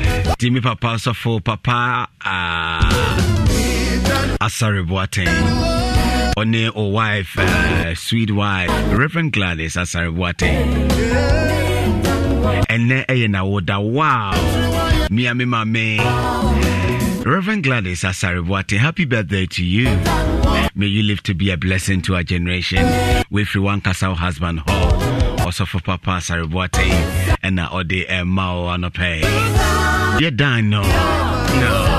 nti me papa sɔfo papa uh, asare boateng ɔne o wife uh, sweet wife reverend gladys asare boateng ɛnɛ ɛyɛ eh, nawoda wow mia me mame reverend gladys asare boateng happy birthday to you May you live to be a blessing to our generation. With your one castle husband, hall ɔsɔfo papa asareboate ɛna ɔde ɛma wo anɔpɛ yɛdan no no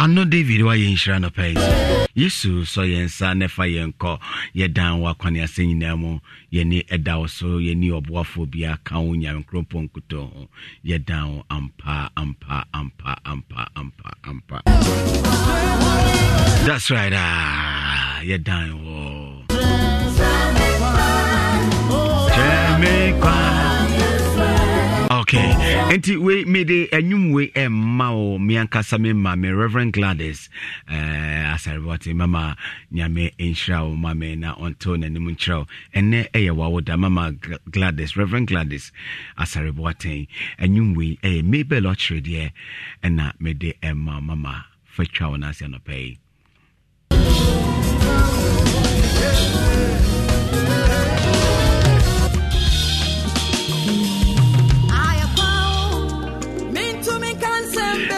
ano david wayɛ nhyira nɔpa yi yesu sɔ yɛn nsa na ɛfa yɛn kɔ yɛdan wakwane asɛ nyinaa mu yɛne ɛda wo so yɛne ɔboafoɔ bia ka wo nyame nkurɔmpɔ nkutɔ ho yɛdan wo ampa ampa ampa ampa ampa ampa that's right ah yɛdan wɔ nti we mede ɛnwom wei ɛmma wo meankasa me ma me reverend gladys uh, eh, asarebɔte mama nyame nhyira wo ma me na ɔnto n'anim nkyerɛ wo ɛnɛ ɛyɛ wawoda mama gladys reverend gladys asarebɔaten ɛnwom wei ɛyɛ mabel ɔkyerɛ deɛ ɛna mede ɛmma mama fatwa wo no ase anɔpa yi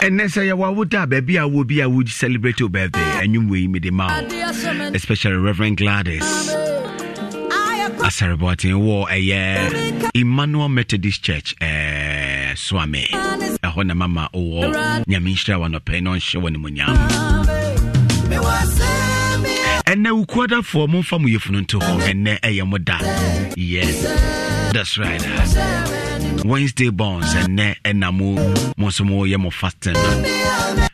ɛnɛ sɛ yɛwɔ awoda a baabi a wɔ bi a wodi celebrate wo birthday ah. anwum wei mede ma wo especially reverend gladys ah, asɛrebɔten wɔ ɛyɛ emmanuel methodist church eh, soame ɛhɔ na mama wɔ nyame nhyira wa nɔpɛ na ɔnhyɛ wɔ ne munyam ɛnɛ wo kuadafoɔ momfa mo yɛfunu nto hɔ ɛnɛ ɛyɛ mo da yes that's right wednesday bonds ɛnɛ ɛna mo mo nso mo yɛ mo fasting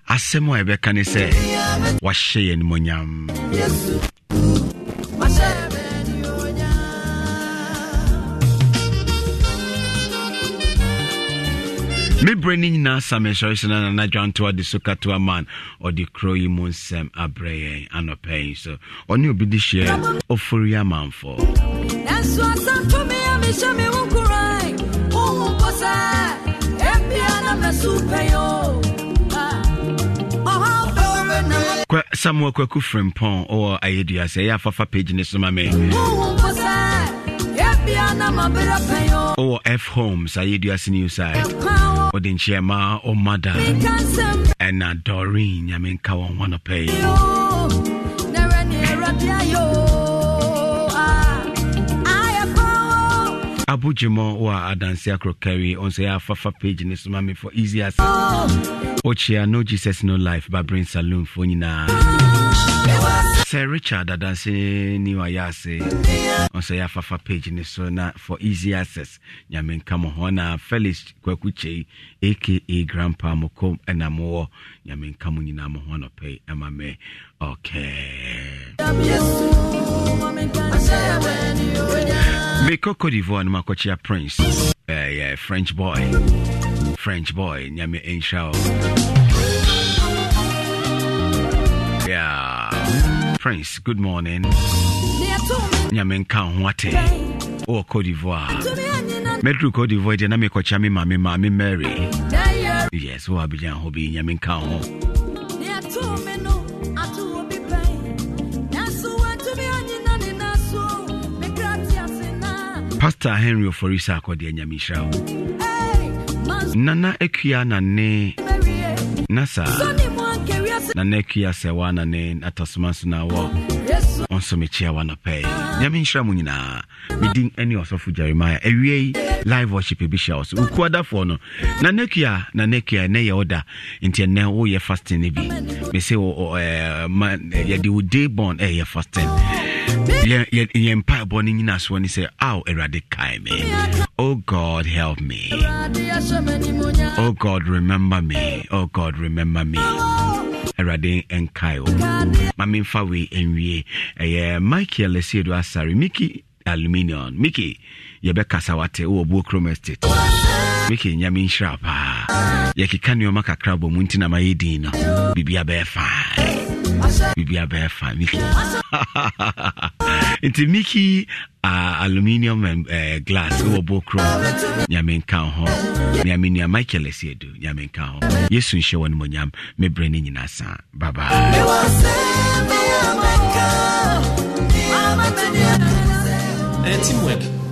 asɛm a ɛbɛka ne sɛ wahyɛ yɛn nimonyam me berɛ no nyinaa sa mesɔre sɛ no nanadwantoa de so katoa man ɔde kuro yi mu nsɛm abrɛ yɛn anɔpɛ yi so ɔne obi de hyɛ ɔfori amanfoɔ samuel kwaku frimpɔn ɔwɔ ayɛdua sɛ ɛyɛ afafa page ne soma me ɔwɔ f homes ayɛduase new side ɔde nkyeɛma ɔmada ɛna doreen nyame nka wɔn ho anɔpɛ yi abojumɔ wɔ adanse akorɔkari ɔnso yɛ afafa page ne soma me for easy access ɔkyea no jesus no life babrin saloon fo nyinaa sɛ richard adanse ni wayɛ ase ɔnso yɛ afafa page ne so na for easy access nyame nka mɔ hɔ na felix kwaku kyei aka grandpa mokɔ ɛna mowɔ nyame nka mo nyinaa mɔ hɔ nɔpɛ ɛma me okay mekɔ cote divoire no makɔkyea prince ɛyɛ uh, french boy french boy nyame ɛnhyira o yeah. prince good morning nyame nka ho ate wowɔ cote divoire meduru cote divoire deɛ na mekɔkyea me maame maame mary yes wo abigyan hɔ bi nyame nka ho pastor henry oforisa akɔde anyame nhyira wo nana akua nane na saa nana akua sɛ woa nane natɔsoma so na wɔ ɔnso mekyia wa nɔpɛe nyame nhyira mu nyinaa medin ɛne ɔsɔfo jeremia awie live worship bi hyia wo so wokuadafoɔ no nanakua nanakua ɛnɛ yɛ woda nti ɛnɛ woyɛ fasten no bi mesɛ yɛde wo day born ɛyɛ fasting yɛn mpaebɔ no nyina ne sɛ aw awurade kae me oh god help me oh god remember me oh god remember me awurade nkae o ma memfa wei nwie ɛyɛ michael asiedo asare miki aluminium. miki yɛbɛkasa wate wowɔ buo crom estate miki nyame nhyira paa yɛkeka nneɔma kakra bɔ mu nti na mayɛ din no biribia bɛyɛ fae biribi abɛyɛ fa miki nti miki uh, aluminium and, uh, glass wɔ bokro nyame nka ho nyame nua michael ɛsi edu nyame nka ho yesu nhyɛ wɔ nomonyam mebrɛ ne nyinaa saa babaa